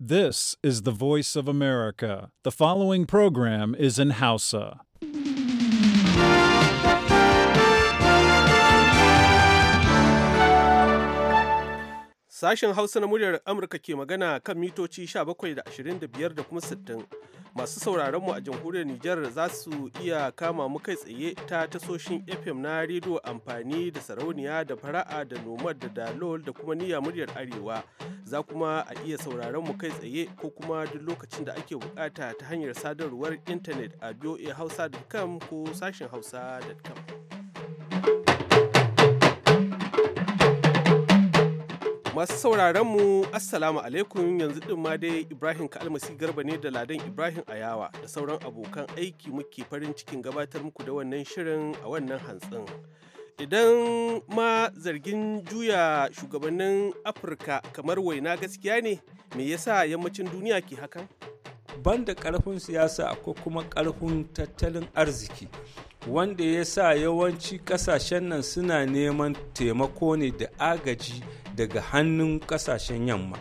This is the voice of America. The following program is in Hausa. Sashen Hausa na muryar Amurka ke magana kan mitoci 17 da 25 da kuma 60. masu sauraron mu a jamhuriyar Nijar za su iya kama mu kai tsaye ta tasoshin FM na rediyo amfani da sarauniya da fara'a da nomad da dalol da kuma niyya muryar arewa za kuma a iya sauraron mu kai tsaye ko kuma duk lokacin da ake bukata ta hanyar sadarwar intanet a voahausa.com ko sashen hausa.com. Masu sauraron mu Assalamu alaikum yanzu din ma dai Ibrahim Kalmasi Garba ne da Ladan Ibrahim Ayawa da sauran abokan aiki muke farin cikin gabatar muku da wannan shirin a wannan hantsin. Idan ma zargin juya shugabannin Afirka kamar waina gaskiya ne, me yasa yammacin duniya ke hakan? Banda ƙarfin siyasa ko kuma ƙarfin tattalin arziki. wanda ya sa yawanci ƙasashen nan suna neman taimako ne da agaji daga hannun kasashen yamma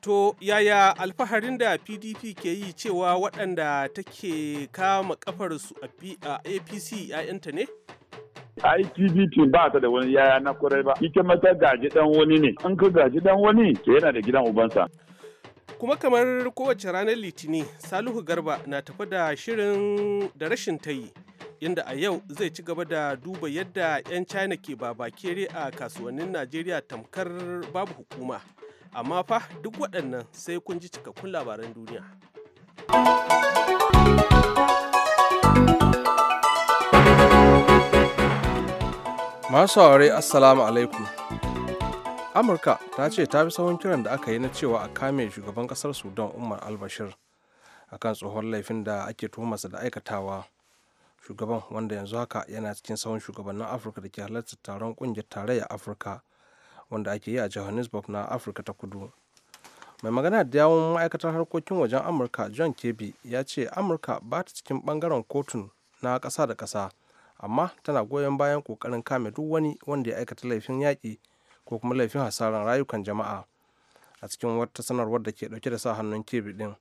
to yaya alfaharin da pdp ke yi cewa waɗanda take kama su a apc 'ya'yanta ne IPVT ba ta da wani yaya na kurai ba, ita mata gaji dan wani ne, An ka gaji dan wani ke yana da gidan ubansa. Kuma kamar kowace ranar Litini, Salihu Garba na tafi da shirin da rashin ta yi, inda a yau zai ci gaba da duba yadda 'yan china ke babakere a kasuwannin najeriya tamkar babu hukuma amma fa duk waɗannan sai kun ji cikakkun labaran duniya masu saurari assalamu alaikum amurka ta ce ta fi sahun kiran da aka yi na cewa a kame shugaban kasar sudan umar albashir akan tsohon laifin da ake tuhumarsa da aikatawa shugaban wanda yanzu haka yana cikin sauran shugabannin afirka da ke halartar taron kungiyar tarayya afirka wanda ake yi a johannesburg na afirka ta kudu mai magana da yawon ma'aikatar harkokin wajen amurka john kebi ya ce amurka ba ta cikin bangaren kotun na kasa da kasa amma tana goyon bayan kokarin kame duk wani wanda ya aikata laifin yaƙi ko kuma laifin hasaran rayukan jama'a a cikin wata sanarwar da ke ɗauke da sa hannun kebi din.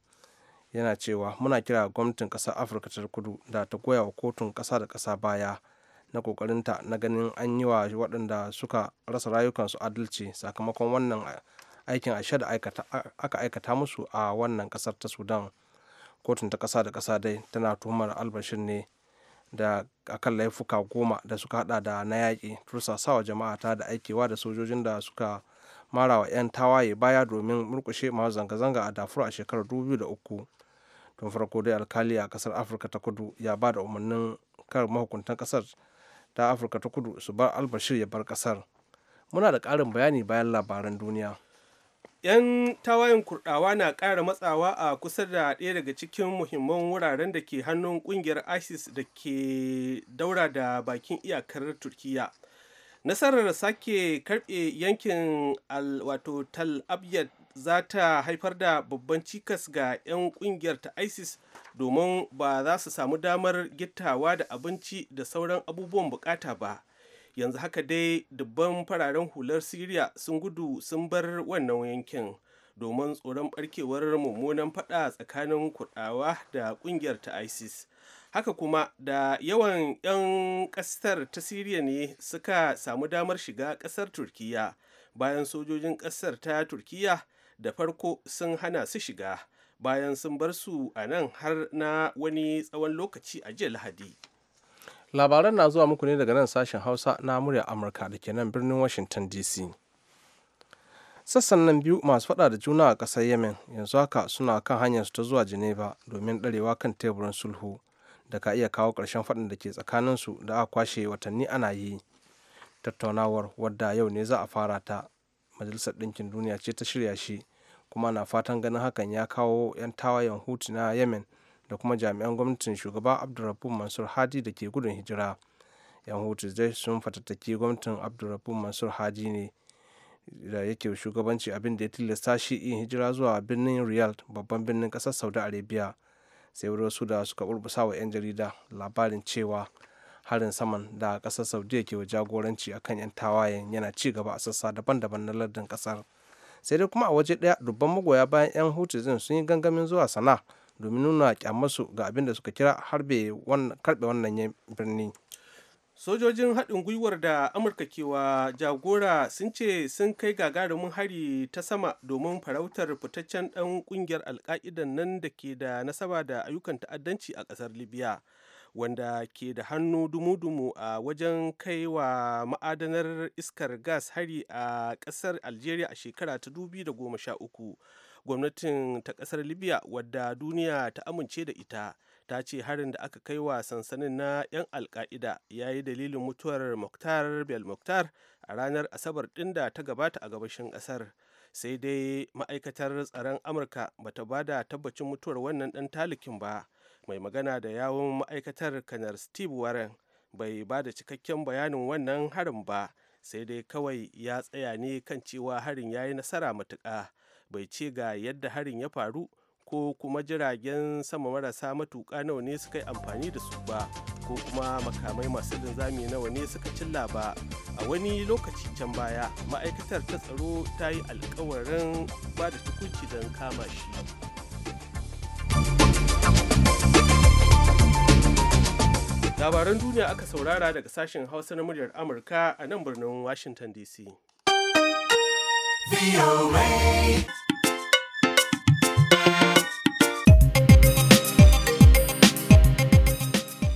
yana cewa muna kira gwamnatin ƙasar afirka ta kudu da ta goya wa kotun ƙasa da ƙasa baya na kokarinta na ganin an yi wa waɗanda suka rasa rayukansu adalci sakamakon wannan aikin ashe da aka aikata musu a wannan kasar ta sudan kotun ta ƙasa da ƙasa dai tana tuhumar albashin ne da akan laifuka goma da suka hada da na yaƙi tursasawa jama'a ta da aikewa da sojojin da suka marawa 'yan tawaye baya domin murkushe masu zanga-zanga a dafur a shekarar 2003 tun farko dai alkali a kasar afirka ta kudu ya ba da umarnin kar mahukuntan kasar ta afirka ta kudu su bar albashir ya bar kasar muna da ƙarin bayani bayan labaran duniya 'yan tawayen kurdawa na ƙara matsawa a kusa da ɗaya daga cikin muhimman wuraren da ke hannun ƙungiyar isis da ke daura da bakin iyakar turkiya nasarar sake karɓe yankin wato tal abyad za ta haifar da babban cikas ga 'yan kungiyar ta isis domin ba za su samu damar gittawa da abinci da sauran abubuwan bukata ba yanzu haka dai dubban fararen hular syria sun gudu sun bar wannan yankin domin tsoron barkewar mummunan fada tsakanin kudawa da kungiyar ta isis haka kuma da yawan 'yan kasar ta syria ne suka samu damar shiga kasar turkiya bayan sojojin kasar ta turkiya da farko sun hana su shiga bayan sun bar su a nan har na wani tsawon lokaci a jiya lahadi labaran na zuwa muku ne daga nan sashen hausa na murya amurka da ke nan birnin washington dc sassan nan biyu masu fada da juna a ƙasar yemen yanzu haka suna kan hanyar su ta zuwa geneva domin ɗarewa kan teburin sulhu da ka iya kawo ƙarshen faɗin da ke tsakanin su da aka kwashe watanni ana yi tattaunawar wadda yau ne za a fara ta majalisar ɗinkin duniya ce ta shirya shi kuma na fatan ganin hakan ya kawo 'yan tawayen hutu na yemen da kuma jami'an gwamnatin shugaba abdurrabu mansur hadi da ke gudun hijira yan hutu zai sun fatattaki gwamnatin abdurrabu mansur hadi ne da yake shugabanci abin da ya tilasta shi yin hijira zuwa birnin riyal babban birnin kasar saudi arabia sai wasu da suka burbusa wa 'yan jarida labarin cewa harin saman da kasar saudi ke jagoranci akan 'yan tawayen yana ci gaba a sassa daban-daban na lardin kasar. sai dai kuma a waje ɗaya dubban magoya bayan 'yan hutu din sun yi gangamin zuwa sana'a domin nuna kyamarsu ga abin da suka kira harbe karbe wannan birni sojojin haɗin gwiwar da amurka kewa jagora sun ce sun kai gagarumin hari ta sama domin farautar fitaccen ɗan ƙungiyar alka'idan nan da ke da nasaba da ayyukan ta'addanci a ƙasar libya wanda ke da hannu dumu-dumu a wajen kai wa ma'adanar iskar gas hari a ƙasar algeria a shekara ta dubi da goma sha uku gwamnatin ta ƙasar libya wadda duniya ta amince da ita ta ce harin da aka kai wa sansanin na 'yan alka'ida ya yi dalilin mutuwar muktar belmuktar a ranar asabar ɗin da ta gabata a gabashin ƙasar sai dai ma'aikatar tsaron amurka bata da tabbacin mutuwar wannan ɗan talikin ba mai magana da yawon ma'aikatar kanar steve warren bai ba da cikakken bayanin wannan harin ba sai dai kawai ya tsaya ne kan cewa harin ya yi nasara matuka bai ce ga yadda harin ya faru ko kuma jiragen sama marasa matuƙa nawa ne suka yi amfani da su ba ko kuma makamai masu linzami nawa ne suka cilla ba a wani lokaci can baya ma'aikatar ta tsaro ta yi alkawarin ba da tukunci don kama shi labaran duniya aka saurara daga sashen hausa na muryar amurka a nan birnin washington dc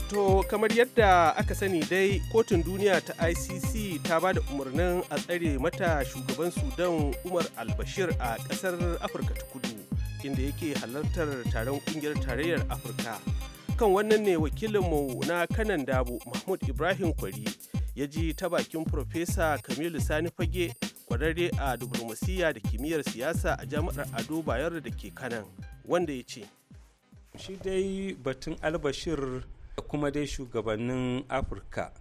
To kamar yadda aka sani dai kotun duniya ta ICC ta ba da umarnin a tsare mata shugaban Sudan Umar albashir a ƙasar Afirka ta kudu inda yake halartar taron ƙungiyar tarayyar Afirka kan wannan ne wakilinmu na kanan dabu mahmud ibrahim kwari ya ji ta bakin Profesa Kamilu Sani Fage kwararre a diplomasiya da kimiyyar siyasa a jami'ar Ado Bayero da ke kanan wanda ya ce. Shi dai batun albashir da kuma dai shugabannin Afirka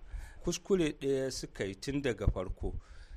kuskure ɗaya suka yi tun daga farko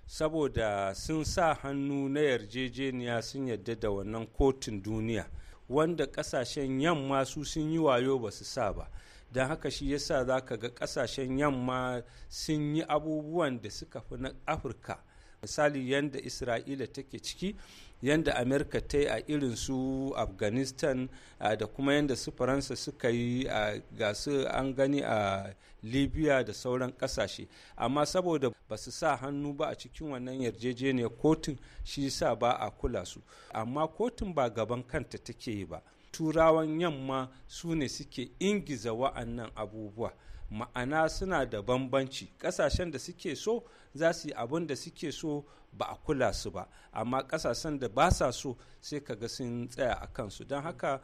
saboda sun sa hannu na yarjejeniya sun yarda da wannan kotun duniya. wanda kasashen yamma su sun yi wayo ba su sa ba don haka shi yasa za ka ga kasashen yamma sun yi abubuwan da suka fi na afirka misali yadda isra'ila take ciki yadda amerika ta yi a irin su afghanistan da kuma yadda su faransa suka yi a su an gani a libya da sauran kasashe amma saboda ba su sa hannu ba a cikin wannan yarjejeniyar kotun shi sa ba a kula su amma kotun ba gaban kanta take yi ba turawan yamma su ne suke ingiza wa'annan abubuwa ma'ana suna da bambanci kasashen da suke so za su yi abin da suke so ba a kula su ba amma kasashen da ba sa so sai ka ga sun tsaya a kansu don haka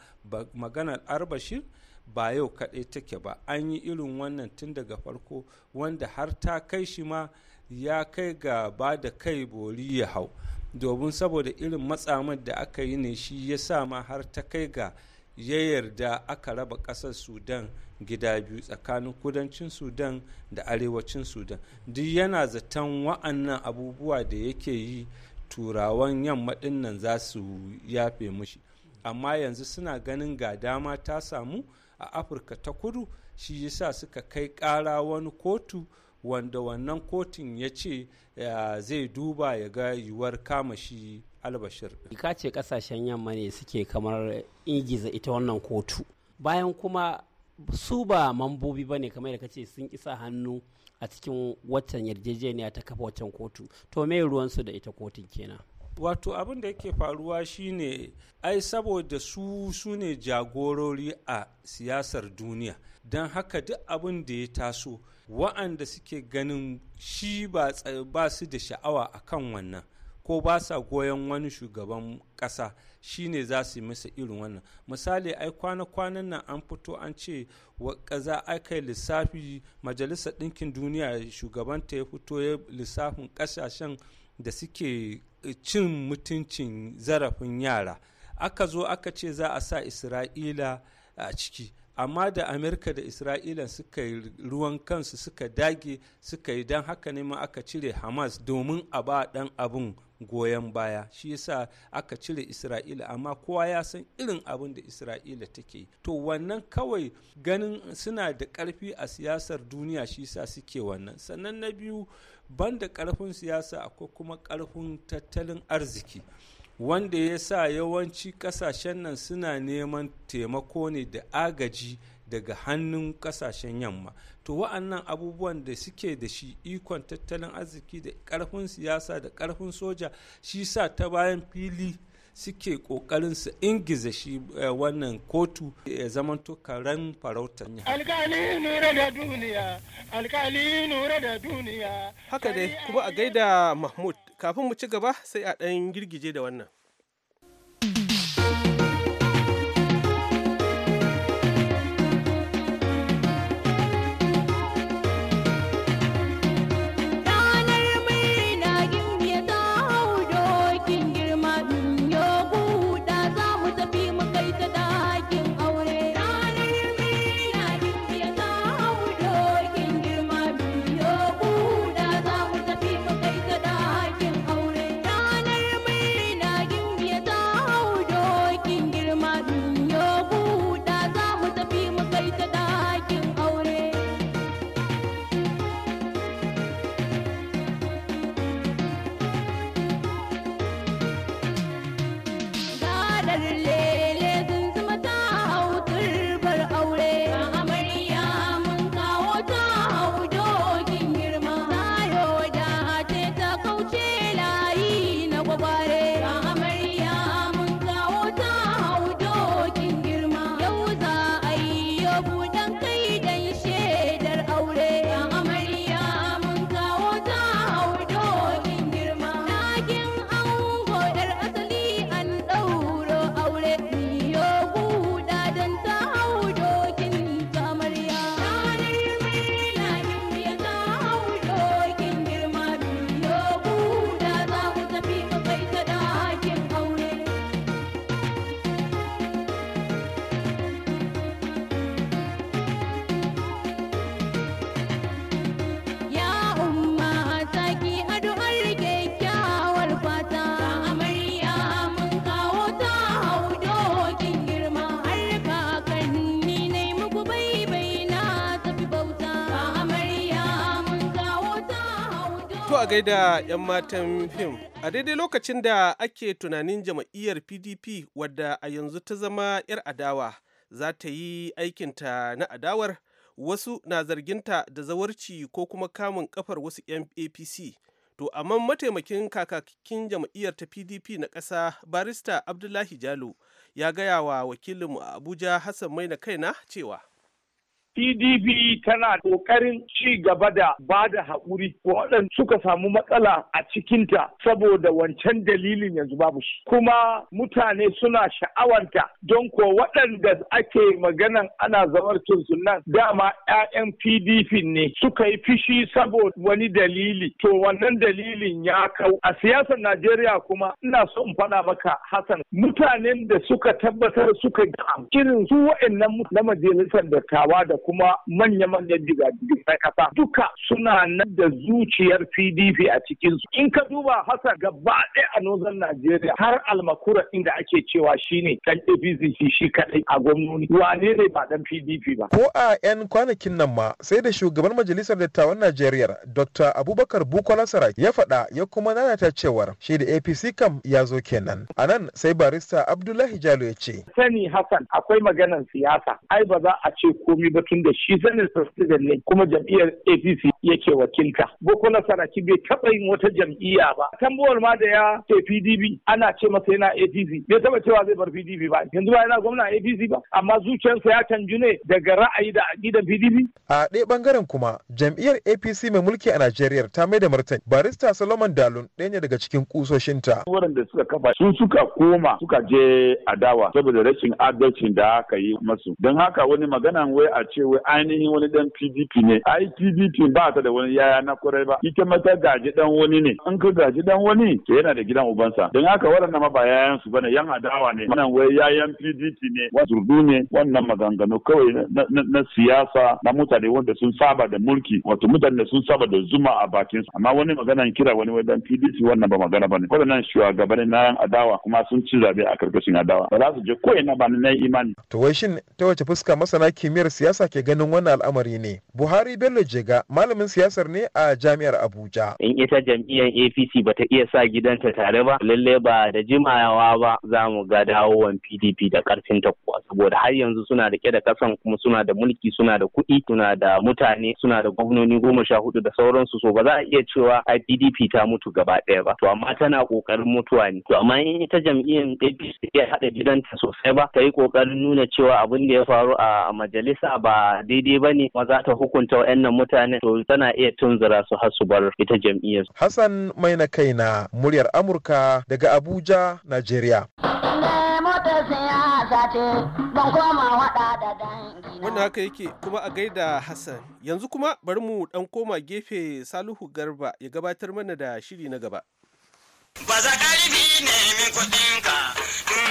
maganar arbashir ba yau kaɗai take ba an yi irin wannan tun daga farko wanda har ta kai shi ma ya kai ga ba da kai bori ya hau domin saboda irin matsamar da aka yi ne shi ya sa ma har ta kai ga ya yarda aka raba ƙasar sudan gida biyu tsakanin kudancin sudan da arewacin sudan duk yana zaton wa'annan abubuwa da yake yi turawan yamma dinnan za su yafe mushi amma yanzu suna ganin ga dama ta samu a afirka ta kudu shi yasa suka kai ƙara wani kotu wanda wannan kotun ya ce zai duba ya ga yiwuwar kama shi albashir ka ce kasashen yamma ne suke kamar ingiza ita wannan kotu bayan kuma su ba mambobi ba ne kamar da kace sun isa hannu a cikin watan yarjejeniya ta kafa waccan kotu to me ruwansu da ita kotun kenan wato abin da yake faruwa shine ai saboda su su ne jagorori a siyasar duniya don haka duk abin da ya taso wa'anda suke ganin shi ba su da sha'awa a kan wannan ko ba sa goyon wani shugaban ƙasa shine za su yi masa irin wannan misali ai kwana-kwanan nan an fito an ce kaza aka yi lissafi majalisa ɗinkin duniya shugabanta ya fito ya lissafin kasashen da suke cin mutuncin zarafin yara aka zo aka ce za a sa isra'ila a ciki amma da amerika da isra'ila suka yi ruwan kansu suka dage suka yi don haka ne ma aka cire hamas domin a ba dan abin goyon baya shi yasa aka cire isra'ila amma kowa ya san irin abin da isra'ila take to wannan kawai ganin suna da ƙarfi a siyasar duniya shi yasa suke wannan sannan na biyu banda ƙarfin siyasa akwai kuma ƙarfin tattalin arziki wanda ya sa yawanci ƙasashen nan suna neman taimako ne da agaji daga hannun kasashen yamma to wa'annan abubuwan da suke da shi ikon tattalin arziki da karfin siyasa da karfin soja shi sa ta bayan fili suke kokarin su ingiza shi eh, wannan kotu ya zamanto karen farauta. Alkali nura da duniya, alkali nura da duniya. Haka dai kuma a gaida Mahmud kafin mu ci gaba sai a ɗan girgije da wannan. a gaida 'yan matan fim. A daidai lokacin da ake tunanin jam'iyyar PDP wadda a yanzu ta zama 'yar adawa za ta yi aikinta na adawar wasu na zarginta da zawarci ko kuma kamun kafar wasu 'yan APC. To amma mataimakin kakakin jam'iyyar ta PDP na ƙasa barista Abdullahi Jalo ya gaya wa wakilinmu a Abuja Hassan na kaina cewa. PDP tana ƙoƙarin ci gaba da ba da haƙuri waɗanda suka samu matsala a cikinta saboda wancan dalilin yanzu babu shi. Kuma mutane suna sha'awarta, don ko waɗanda ake maganan ana zamar su nan dama 'ya'yan PDP ne suka yi fishi saboda wani dalili. To wannan dalilin ya kau. A siyasar Najeriya kuma ina so in faɗa maka Hassan mutanen da suka tabbatar suka ga irin su waɗannan na majalisar dattawa da kuma manya-manyan diga na kasa duka suna nan da zuciyar PDP a cikin su. In ka duba hasa gaba ɗaya a nozan Najeriya har almakura inda ake cewa shine kan APC shi shi kadai a gwamnoni wane ne ba dan PDP ba. Ko a 'yan kwanakin nan ma sai da shugaban majalisar dattawan Najeriya Dr. Abubakar Bukola Saraki ya faɗa ya kuma nanata cewar shi da APC kam ya zo kenan. A nan sai barista Abdullahi Jalo ya ce. Sani Hassan akwai maganar siyasa ai ba za a ce komai ba lokacin da shi sanin ne kuma jam'iyyar apc yake wakilta boko saraki bai taɓa yin wata jam'iyya ba tambowar ma da ya ce pdp ana ce masa yana apc bai taɓa cewa zai bar pdp ba yanzu ba yana gwamna apc ba amma zuciyarsa ya canju ne daga ra'ayi da aƙidan pdp a ɗaya ɓangaren kuma jam'iyyar apc mai mulki a najeriya ta mai da martani barista solomon dalun ɗaya ne daga cikin kusoshinta waɗanda suka kafa su suka koma suka je adawa saboda rashin adalcin da aka yi masu don haka wani maganan wai a ce ce wai ainihin wani dan PDP ne ai PDP ba ta da wani yaya na kurai ba ita mata gaji dan wani ne in ka gaji dan wani to yana da gidan ubansa don haka waɗannan ma ba yayan su bane yan adawa ne wannan wai yayan PDP ne zurdu ne wannan maganganu kawai na siyasa na mutane wanda sun saba da mulki wato mutane sun saba da zuma a bakin su amma wani maganan kira wani wai dan PDP wannan ba magana bane waɗannan shugabanni na yan adawa kuma sun ci zabe a karkashin adawa ba za su je ko ina ba na imani to wai shin ta wace fuska masana kimiyyar siyasa ke ganin wannan al'amari ne. Buhari Bello Jega malamin siyasar ne a jami'ar Abuja. In ita jam'iyyar APC ba ta iya sa gidanta tare ba, lalle ba da jimawa ba za mu ga dawowan PDP da karfin ta kuwa saboda har yanzu suna da da kasan kuma suna da mulki suna da kuɗi suna da mutane suna da gwamnoni goma sha hudu da sauransu so ba za a iya cewa a PDP ta mutu gaba ɗaya ba to amma tana ƙoƙarin mutuwa ne to amma in ita jam'iyyar APC ta iya haɗa gidanta sosai ba ta yi ƙoƙarin nuna cewa abin da ya faru a majalisa ba ba daidai ba ne za ta hukunta wa'annan mutane to tana iya tunzura su har su bar ita jam'iyyar. Hassan mai na kaina muryar Amurka daga Abuja, Najeriya. Wanda haka yake kuma a gaida Hassan. Yanzu kuma bari mu ɗan koma gefe Salihu Garba ya gabatar mana da shiri na gaba. ƙarfi kuɗinka,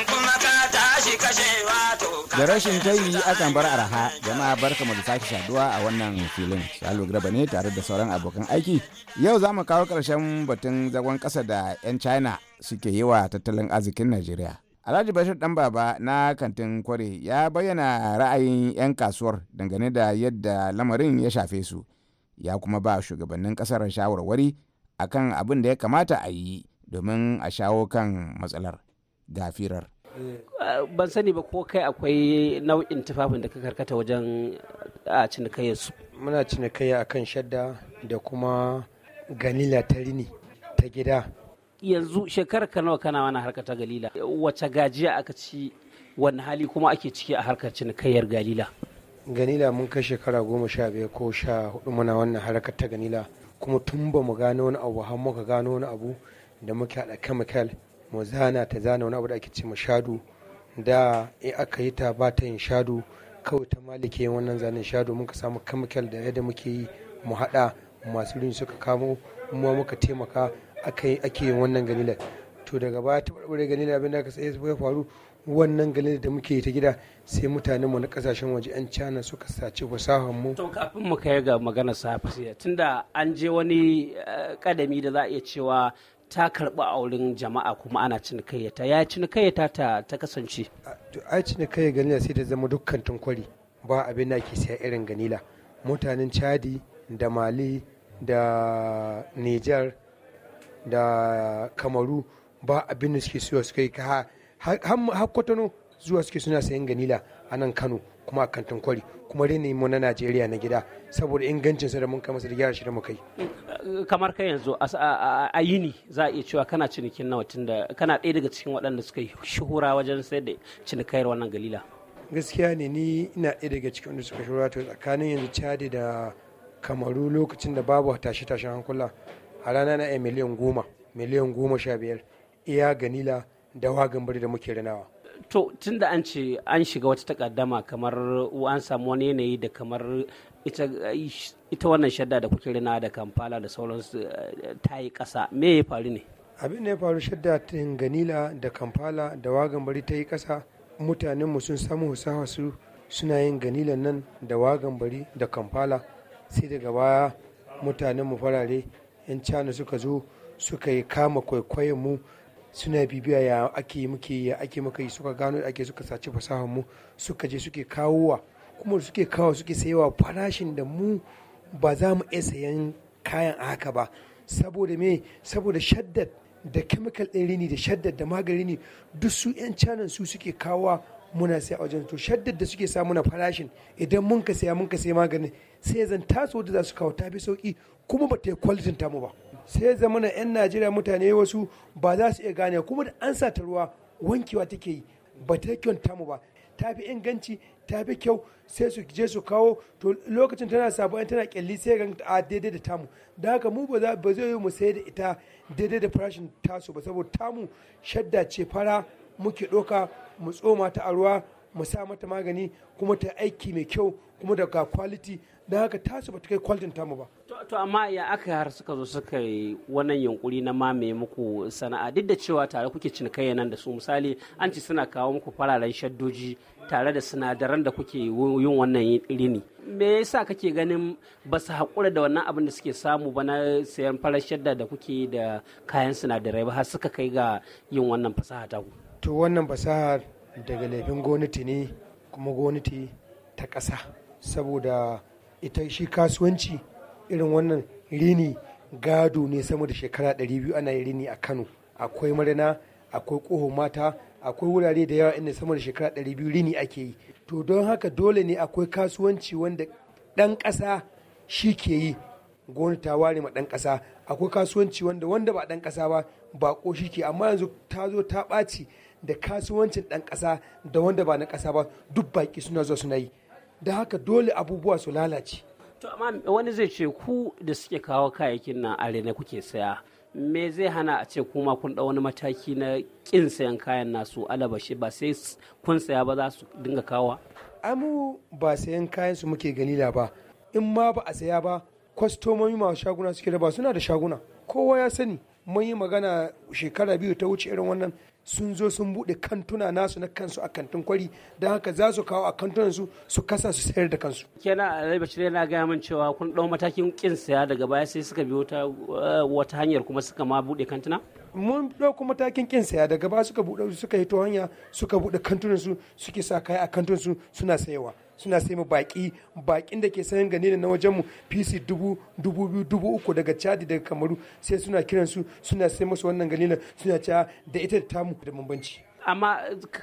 kuma ka tashi Da rashin tayi akan bar araha, jama'a barka mu da sake shaduwa a wannan filin. Salo Graba ne tare da sauran abokan aiki. Yau za mu kawo ƙarshen batun zagon ƙasa da 'yan China suke yi wa tattalin arzikin Najeriya. Alhaji Bashir Dan Baba na kantin kware ya bayyana ra'ayin 'yan kasuwar dangane da yadda lamarin ya shafe su. Ya kuma ba shugabannin ƙasar shawarwari akan abin da ya kamata a yi. domin a shawo kan matsalar gafirar. ban sani ba ko kai akwai nau'in tufafin da ka karkata wajen a cinikayyar su muna a kan shadda da kuma ganila ta rini ta gida yanzu shekarar ka nawa kana wani harkar ta galila wace gajiya aka ci wani hali kuma ake ciki a harkar cinikayyar galila ganila mun kai shekara goma sha biyar ko sha hudu muna wannan harkar ta ganila kuma tun ba mu gano wani abu har muka gano wani abu da muke haɗa chemical mu zana ta zana wani abu da ake ce mu shadu da in aka yi ta ba ta yin shadu kawai ta malike wannan zanen shadu muka samu chemical da yadda muke yi mu haɗa masu rin suka kamo mu muka taimaka ake yin wannan ganilar to daga baya ta barbare ganilar abin da aka sai ya faru wannan ganin da muke ta gida sai mutanen mu na kasashen waje yan cana suka saci fasahar mu to kafin mu kai ga magana safiya tunda an je wani kadami eh, da za a iya cewa ta karɓi a wurin jama'a kuma ana cinikayyata ya cinikayyata ta ta kasance a cinikayya ganila sai ta zama dukkan tunkwari ba abin da ke siya irin ganila mutanen chadi da mali da niger da kamaru ba abin da suke suwa suka yi har kwatano zuwa suke suna sayan ganila a nan kano kuma a kantin kwari kuma rini mu na najeriya na gida saboda ingancin sa da mun kai masa da gyara shi da mu kai kamar kai yanzu a yini za a iya cewa kana cinikin nawa da kana ɗaya daga cikin waɗanda suka shuhura wajen sayar da cinikayar wannan galila gaskiya ne ni ina ɗaya daga cikin wanda suka shuhura to tsakanin yanzu cadi da kamaru lokacin da babu tashe tashen hankula a rana na miliyan goma miliyan goma sha biyar iya ganila da wagan bari da muke rinawa to tun da an ce an shiga wata takaddama kamar an samu wani yanayi da kamar ita, wannan shadda da kuke rina da kamfala da sauransu eh, ta yi ƙasa me ya faru ne abin da ya faru shadda ta ganila da kamfala da wagan bari ta yi ƙasa mutanenmu sun samu husawa su suna yin ganilan nan da wagan bari da kamfala sai daga baya mutanenmu farare 'yan cana suka zo suka yi kama kwaikwayon mu suna bibiya ya ake muke ya ake muka yi suka gano da ake suka sace fasahar mu suka je suke kawowa kuma suke kawo suke sayewa farashin da mu ba za mu iya sayan kayan a haka ba saboda me saboda shaddad da chemical din rini da shaddad da magani ne duk su 'yan canan su suke kawowa muna sai a wajen to shaddad da suke samu na farashin idan mun ka saya mun ka saya maganin sai zan taso da za su kawo ta fi sauki kuma ba ta yi kwalitin mu ba sai zama na 'yan najeriya mutane wasu ba za su iya gane kuma da an sata ruwa wankewa take yi ba ta kyauta mu ba ta fi inganci ta fi kyau sai su je su kawo to lokacin tana sabo tana kyalli sai ga a daidai da tamu da haka mu ba ba zai yi mu sayar da ita daidai da farashin tasu ba saboda tamu shadda ce fara muke doka mu tsoma ta a ruwa mu sa mata magani kuma ta aiki mai kyau kuma daga quality don haka tasu ba ta kai kwalitin tamu ba to amma ya aka har suka zo suka yi wannan yunkuri na mamaye muku sana'a duk da cewa tare kuke cinikayya nan da su misali an ci suna kawo muku fararen shaddoji tare da sinadaran da kuke yin wannan rini me yasa kake ganin ba su haƙura da wannan abin da suke samu ba na sayan farar shadda da kuke da kayan sinadarai ba har suka kai ga yin wannan fasaha ta to wannan fasaha daga laifin gwamnati ne kuma gwamnati ta ƙasa saboda ita shi kasuwanci irin wannan rini gado ne sama da shekara 200 ana rini a kano akwai marina akwai ƙoho mata akwai wurare da yawa inda sama da shekara 200 rini ake yi to don haka dole ne akwai kasuwanci wanda ɗan ƙasa shi ke yi gwamnati ta ware ma ɗan ƙasa akwai kasuwanci wanda wanda ba ɗan ƙasa ba ba ko shi ke amma yanzu ta zo ta ɓaci da kasuwancin ɗan ƙasa da wanda ba na ƙasa ba duk baƙi suna zuwa suna yi da haka dole abubuwa su lalace to amma wani zai ce ku da suke kawo kayayyakin nan arena kuke saya me zai hana a ce kuma kun ɗau wani mataki na ƙin sayan kayan nasu alabashi ba sai kun saya ba za su dinga kawa amu ba sayan kayan su muke da ba in ma ba a saya ba kwastomomi masu shaguna suke da ba suna da shaguna kowa ya sani mun yi magana shekara biyu ta wuce irin wannan sun zo sun buɗe kantuna nasu na kansu a kantin kwari don haka za su kawo a kantunansu su kasa su sayar da kansu. kenan alai bashir yana gaya min cewa kun ɗau matakin kin saya daga baya sai suka bi eh, wata hanyar kuma suka ma buɗe kantuna. mun ɗauko matakin kin saya daga baya suka buɗe suka hito hanya suka buɗe kantunansu suke sa kaya a kantunansu suna sayawa. suna sai mu baki bakin da ke sayan gani na wajen mu pc dubu dubu biyu dubu uku daga chadi daga kamaru sai suna kiran su suna sai musu wannan na suna cewa da ita ta mu da bambanci amma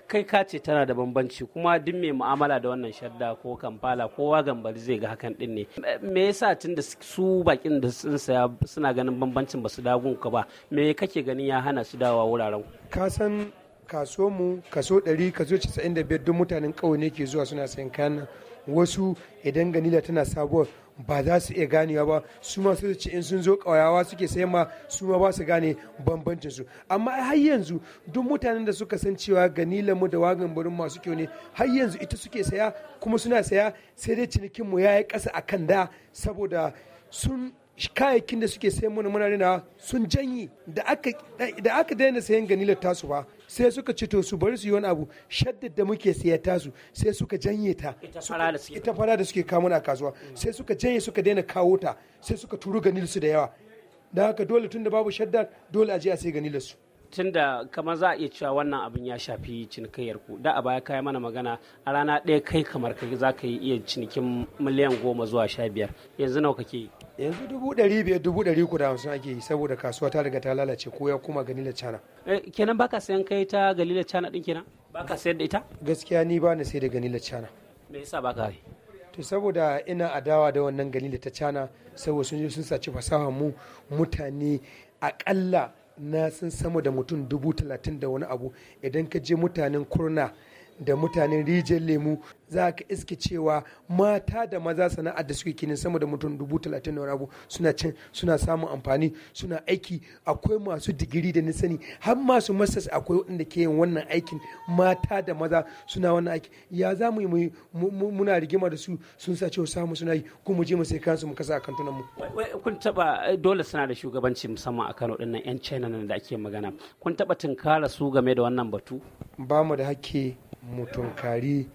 kai ka ce tana da bambanci kuma duk mai mu'amala da wannan shadda ko kamfala kowa gambari zai ga hakan din ne me yasa tun da su bakin da sun saya suna ganin bambancin ba su dagun ka ba me kake ganin ya hana su dawa wuraren ka san kaso mu kaso 100 kaso 95 duk mutanen ne ke zuwa suna sayan kayan nan wasu idan ganila tana sabuwar ba za su iya ganewa ba su ma su ce in sun zo ƙauyawa suke sai ma su ma ba su gane bambancin su amma har yanzu duk mutanen da suka san cewa ganila mu da wagan barin masu kyau ne har yanzu ita suke saya kuma suna saya sai dai cinikin mu yayi ƙasa kan da saboda sun kayayyakin da suke sayan mana muna sun janyi da aka daina sayan ganila tasu ba sai suka ci to su bari su yi wani abu shaddad da muke siyata su sai suka janye ta ita fara da suke kamuna a kasuwa sai suka janye suka daina kawo ta sai suka turu su da yawa da haka dole tun da babu shaddad dole a je a sai tun tunda kamar za a iya cewa wannan abin ya shafi cinikayyar ku da a baya kai mana magana a rana ɗaya kai kamar kai za ka iya cinikin miliyan goma zuwa sha biyar yanzu nawa kake yi yanzu dubu ɗari biyar dubu ɗari ku da hamsin ake yi saboda kasuwa ta riga ta lalace ko ya kuma ganila cana eh, kenan baka sayan kai ta ganila cana din kenan baka sayar da ita gaskiya ni ba sai da ganila cana me yasa baka yi to saboda ina adawa da wannan ganila ta cana saboda sun je sun saci fasahar mu mutane akalla na sun sama da mutum dubu talatin da wani abu idan ka je mutanen kurna da mutanen rijiyar lemu za ka iske cewa mata da maza sana'ar da suke kinin sama da mutum dubu talatin da rabu suna cin suna samun amfani suna aiki akwai masu digiri da nisani har masu masters akwai waɗanda ke yin wannan aikin mata da maza suna wannan aiki ya za mu yi muna rigima da su sun sa cewa samu suna yi ko mu je mu sai kansu mu kasa a kantunan mu. kun taba eh, dole suna da shugabanci musamman a Kano ɗin yan China nan da ake magana kun taba tunkara su game da wannan batu. ba mu da hakki mu tunkari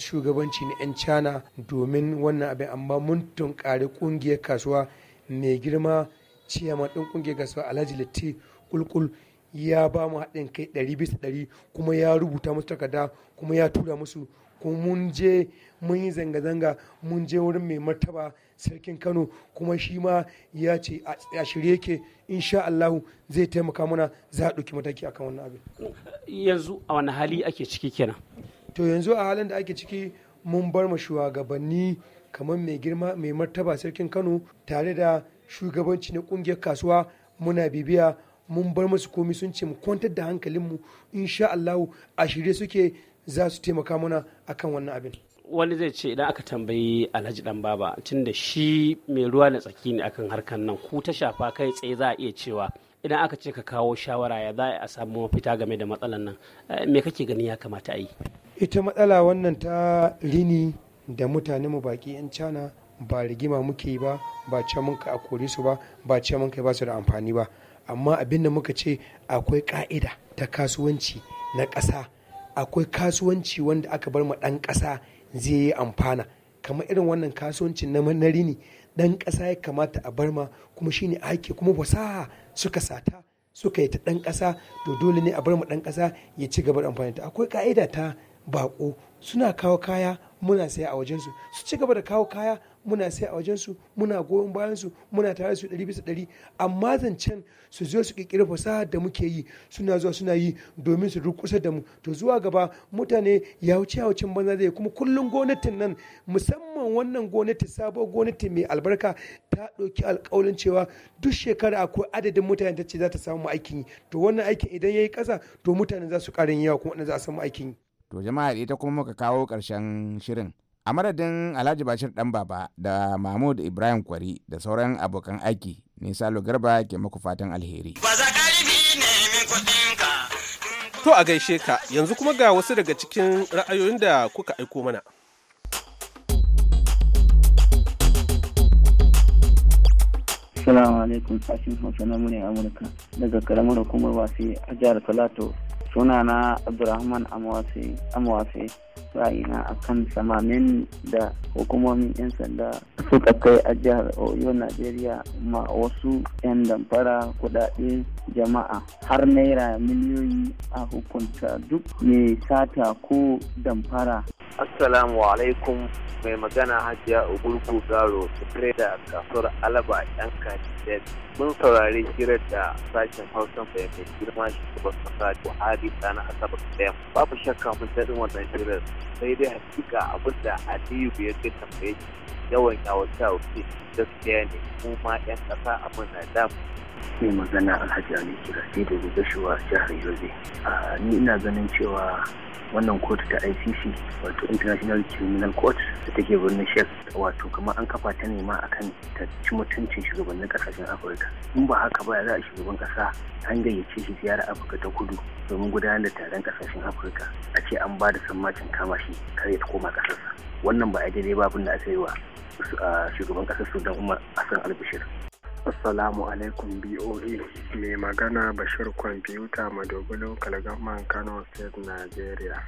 shugabanci na 'yan cana domin wannan abin amma mun tunkari kungiyar kasuwa mai girma ciyama ɗin kungiyar kasuwa alhaji litti kulkul ya ba mu haɗin kai ɗari ɗari kuma ya rubuta musu takarda kuma ya tura musu kuma mun je mun yi zanga-zanga mun je wurin mai martaba sarkin kano kuma shi ma ya ce a shirye yake insha allahu zai taimaka mana za a ɗauki mataki akan wannan abin yanzu a wani hali ake ciki kenan to yanzu a halin da ake ciki mun bar ma shugabanni kamar mai girma mai martaba sarkin kano tare da shugabanci na kungiyar kasuwa muna bibiya mun bar masu komi sun ce mu kwantar da hankalinmu insha allahu a shirye suke za su taimaka mana akan wannan abin wani zai ce idan aka tambayi alhaji dan baba tunda shi mai ruwa na tsaki ne akan harkan nan ku ta shafa kai tsaye za a iya cewa idan aka ce ka kawo shawara ya za a samu mafita game da matsalan nan eh, me kake gani ya kamata a yi ita matsala wannan ta rini da mutane mu baki yan cana ba rigima muke yi ba ba ce mun ka kore su ba ba ce mun kai ba su da amfani ba amma abin da muka ce akwai ka'ida ta kasuwanci na ƙasa akwai kasuwanci wanda aka bar ma ɗan ƙasa zai yi amfana kamar irin wannan kasuwancin na manari ne ɗan ƙasa ya kamata a bar ma kuma shi ne ake kuma fasaha suka sata suka yi ta ɗan ƙasa to dole ne a bar ma ɗan ƙasa ya ci gaba da amfani ta akwai ka'ida ta bako suna kawo kaya muna sai a wajensu su ci gaba da kawo kaya muna sai a wajensu muna goyon bayansu muna tare su ɗari bisa ɗari amma zancen su zo su kirkira fasaha da muke yi suna zuwa suna yi domin su rukusa da mu to zuwa gaba mutane ya wuce wuce banza zai kuma kullum gwamnatin nan musamman wannan gwamnati sabuwar gwamnati mai albarka ta ɗauki alƙawarin cewa duk shekara akwai adadin mutane ta ce za ta samu aikin yi to wannan aikin idan ya yi ƙasa to mutane za su ƙarin yawa kuma za a samu aikin yi. to jama'a ita kuma muka kawo karshen shirin a madadin alhaji bashir dan baba da mahmud ibrahim kwari da sauran abokan aiki ne salo garba ke muku fatan alheri to a gaishe ka yanzu kuma ga wasu daga cikin ra'ayoyin da kuka aiko mana Assalamu alaikum sashen Hausa na murya Amurka daga karamar hukumar wasi a jihar Filato sunana abdurrahman amwasi ra'ayina a kan samamin da hukumomin 'yan sanda suka kai a jihar oyo najeriya ma wasu 'yan damfara kudade jama'a har naira miliyoyi a hukunta duk mai sata ko damfara Assalamu alaikum mai magana hajiya Ogurgu Garo da kasuwar Alaba ɗan Kajijet. Mun saurari hirar da sashen Hausa bai mai girma shi su kasa Buhari sana Asabar Babu shakka mun daɗin wannan shirar sai dai hakika abin da aliyu ya kai tambaye yawan yawace gaskiya ne kuma yan ƙasa abin na damu ne magana alhaji ali kirasi da gashuwa jihar yobe ni ina ganin cewa wannan kotu ta icc wato international criminal court da take birnin shek wato kamar an kafa ta nema akan ta ci mutuncin shugabannin kasashen afirka in ba haka ba za a shugaban kasa an gayyace shi ziyara afirka ta kudu domin gudanar da taron kasashen afirka a ce an ba da sammacin kama shi kar ya koma kasarsa wannan ba a daidai ba abin da aka yi wa shugaban kasar sudan umar hassan albishir Assalamu alaikum BOA mai magana Bashir kwamfuta Madogulo Kalgaman Kano State Nigeria.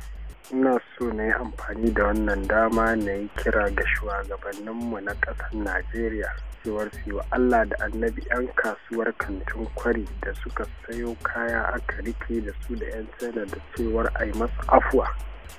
Ina so na yi amfani da wannan dama na yi kira ga shugabanninmu na ƙasar Najeriya cewar su Allah da annabi 'yan kasuwar kantin kwari da suka sayo kaya aka rike da su da 'yan tsada da cewar a yi masu afuwa.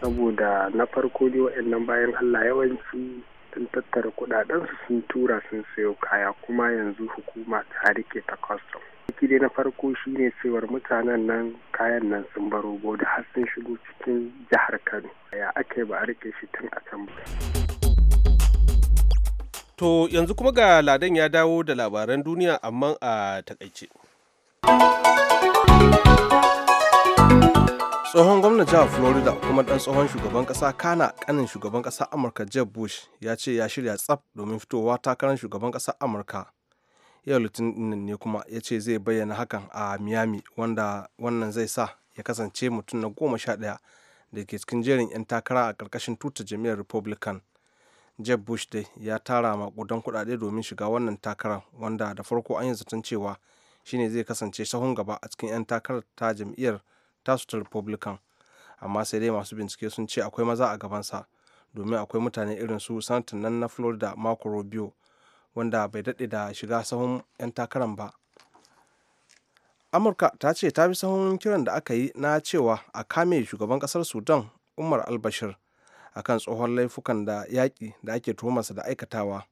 Saboda na farko dai waɗannan bayan Allah yawanci sun tattara kudadensu sun tura sun sayo kaya kuma yanzu hukuma ta rike ta custom dai na farko shine cewar mutanen nan kayan nan sun baro da har sun shigo cikin jihar kano ya ake ba a rike shi tun a can to yanzu kuma ga ladan ya dawo da labaran duniya amma a takaice tsohon gwamnan jihar florida kuma dan tsohon shugaban kasa kana kanin shugaban kasa amurka jeb bush ya ce ya shirya tsaf domin fitowa takarar shugaban kasa amurka yau litinin ne kuma ya ce zai bayyana hakan a miami wanda wannan zai sa ya kasance mutum na goma sha ɗaya da ke cikin jerin 'yan takara a ƙarƙashin tuta jami'ar republican jeb bush dai ya tara makudan kudade domin shiga wannan takarar wanda da farko an yi zaton cewa shine zai kasance sahun gaba a cikin 'yan takarar ta jam'iyyar tasu ta republican amma sai dai masu bincike sun ce akwai maza a gabansa domin akwai mutane irin su sanatan nan na florida marco rubio wanda bai daɗe da shiga sahun 'yan takaran ba amurka ta ce ta bi sahun kiran da aka yi na cewa a kame shugaban ƙasar sudan umar albashir akan tsohon laifukan da yaƙi da ake tuhumarsa da aikatawa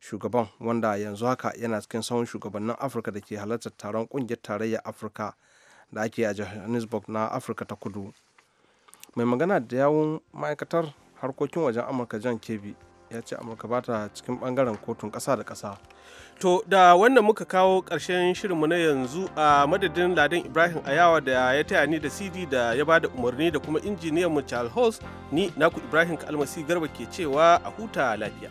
shugaban wanda yanzu haka yana cikin sahun shugabannin afirka da ke halartar taron ƙungiyar tarayyar afirka da ake a johannesburg na afirka ta kudu mai magana da yawun ma'aikatar harkokin wajen amurka john kebi ya ce amurka ba ta cikin bangaren kotun kasa da kasa. to da wannan muka kawo ƙarshen shirinmu na yanzu a madadin ladan ibrahim ayawa da ya taya ni da cd da ya bada umarni da kuma injiniyan mu charles ni naku ibrahim kalmasi garba ke cewa a huta lafiya